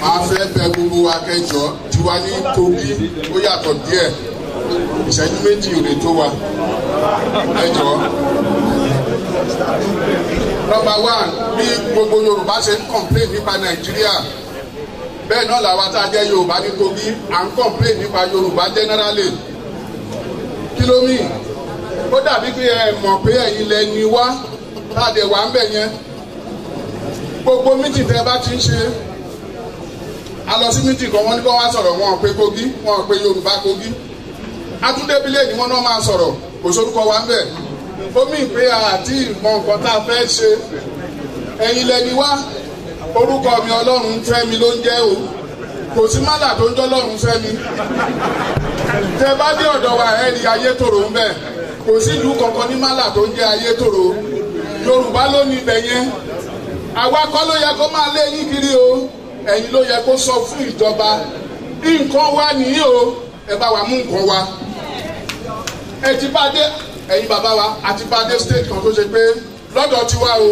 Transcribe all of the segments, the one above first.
máa fẹ́ bẹ gbogbo wa tiwa ní Kogi ó yàtọ̀ díẹ̀ ìṣẹ́jú méjì ò tó wa ẹjọ. nọ́mbà one bí gbogbo Yorùbá ṣe ń complain nípa Nàìjíríà bẹ́ẹ̀ náà làwa tá a jẹ́ Yorùbá ní Kogi à ń complain nípa Yorùbá generally kí ló mì ó dàbí pé ẹ mọ̀ pé ẹ̀yin lẹ ni wá tá a dẹ̀ wà ń bẹ̀ yẹn gbogbo mítì tẹ́ bá ti ń ṣe a lọ sí méjì kan wọ́n ní kó wá sọ̀rọ̀ wọn pé kogi wọn pé yorùbá kogi atúndébílẹ̀ ni wọ́n náà máa sọ̀rọ̀ kò sórúkọ wa ń bẹ̀ omi ìpè àti ìmọ̀ nǹkan tá a fẹ́ ṣe ẹ̀yin lẹni wá orúkọ mi ọlọ́run fẹ́mi ló ń jẹ́ o kò sí mọ́là tó ń jọ́ ọlọ́run fẹ́mi tẹ bá dé ọ̀dọ̀ wa ẹ̀ rí ayé tòrò ń bẹ̀ kò sí ìlú kankan ní mọ́là tó ń jẹ́ ayé tòrò yorùbá ló ní ibẹ̀ yẹn àwa kọ́ ló yẹ kó máa lé yín kiri o ẹ̀yin ló yẹ kó sọ fún ìjọba nǹkan wa nìyí o ẹ bá wa mú nǹkan wa ẹ ti bá dé ẹ̀yin bàbá wa àti bá dé stage kan tó ṣe pé lọ́dọ̀ tiwa o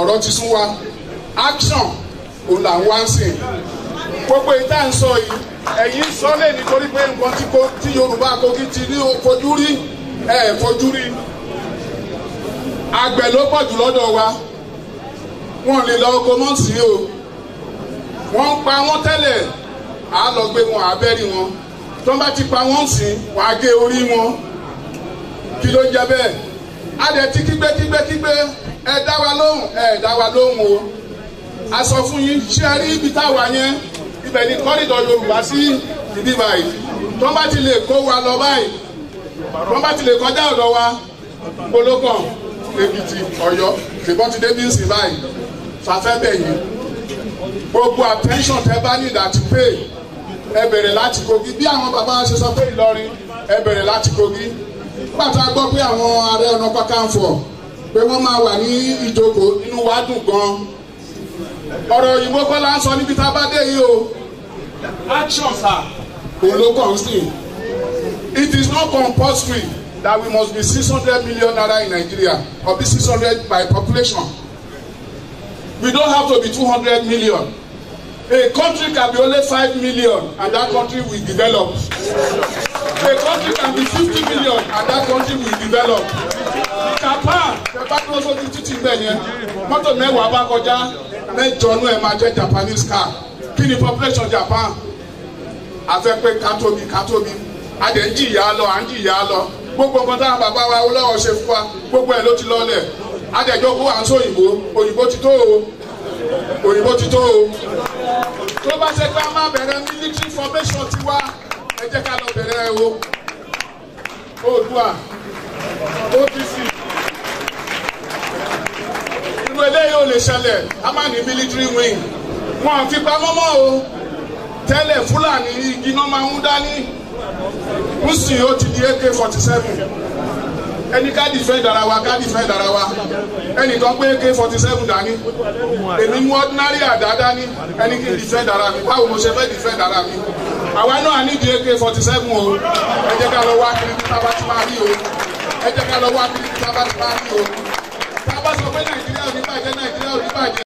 ọ̀rọ̀ ti sún wa action òun là ń wá ń sìn gbogbo ìta ń sọ yìí ẹ̀yin sọ lè nítorí pé nǹkan tí Yorùbá Kogi ti ní fojú rí ẹ̀ fojú rí àgbẹ̀ ló pọ̀ jù lọ́dọ̀ wa wọn lè lọ oko mọ́sí o wọ́n ń pa wọ́n tẹ́lẹ̀ á lọ gbé wọn àbẹ́rí wọn tó ń bá ti pa wọ́n sìn wàá gé orí wọn kí ló ń jẹ bẹ́ẹ̀ á dẹ̀ ti kígbe kígbe kígbe ẹ dá wa lóhùn ẹ dá wa lóhùn o a sọ fún yín ṣé ẹ rí ibi táwa yẹn ibẹ̀ ni kọ́rìdọ̀ Yorùbá sí ibi báyìí tó ń bá ti lè kó wa lọ báyìí tó ń bá ti lè kọjá ọ̀dọ̀ wa kólókàn Èkìtì Ọ̀yọ́ ṣèbọ́n ti dé bí ń sìn báyìí fàfẹ́ bẹ̀yìn gbogbo attention tẹ bá ní láti pay ẹ bẹ̀rẹ̀ láti Kogi bí àwọn bàbá wa ṣe sọ pé Ìlọrin ẹ bẹ̀rẹ̀ láti Kogi pàtó a pé àwọn Ààrẹ Ọ̀nà Kakanfò pé wọ́n máa wà ní ìjókòó inú wa dùn gan ọ̀rọ̀ òyìnbó kọ́ ń sọ níbi tá a bá dé yìí o action sir òun ló kàn sí it is not compulsory that we must be six hundred million naira in Nigeria or be six hundred by population. We don't have to be 200 million. A country can be only five million and that country will develop. A country can be 50 million and that country will develop. Japan bá kí wọ́n sọ ti títì bẹ́ẹ̀ yẹn mọ́tò mẹ́wàá bá kọjá mẹ́jọ nú ẹ̀ máa jẹ́ Japanese car Kini population Japan afẹ́pẹ́ katobi katobi, adẹ̀ ń jìyà lọ à ń jìyà lọ gbogbo nǹkan táwọn bàbá wa olówó ṣe fún wa gbogbo ẹ̀ ló ti lọ́lẹ̀ adẹjọ owó à ń sọ òyìnbó òyìnbó ti tó o òyìnbó ti tó o tó bá ṣe pé a máa bẹ̀rẹ̀ military formation tiwa ẹ jẹ́ ká lọ bẹ̀rẹ̀ o oòdùà OPC irú eléyìí ò lè ṣẹlẹ̀ a máa ní military wing wọn fi pamọ́ mọ́ o tẹ́lẹ̀ fúlàní igi náà máa ń dání ń sìn ó ti di AK forty seven ẹni ká defend ara wa ká defend ara wa ẹnìkan pé AK forty seven dání èmi mú ordinary àdá dání ẹni kí defend ara mi báwo mo ṣe fẹ́ defend ara mi àwa náà nídìí AK forty seven o ẹ jẹ́ ká lọ wá kiri kí tábà ti máa rí o ẹ jẹ́ ká lọ wá kiri kí tábà ti máa rí o tábà sọ pé Nàìjíríà ò ní bàjẹ́ Nàìjíríà ò ní bàjẹ́.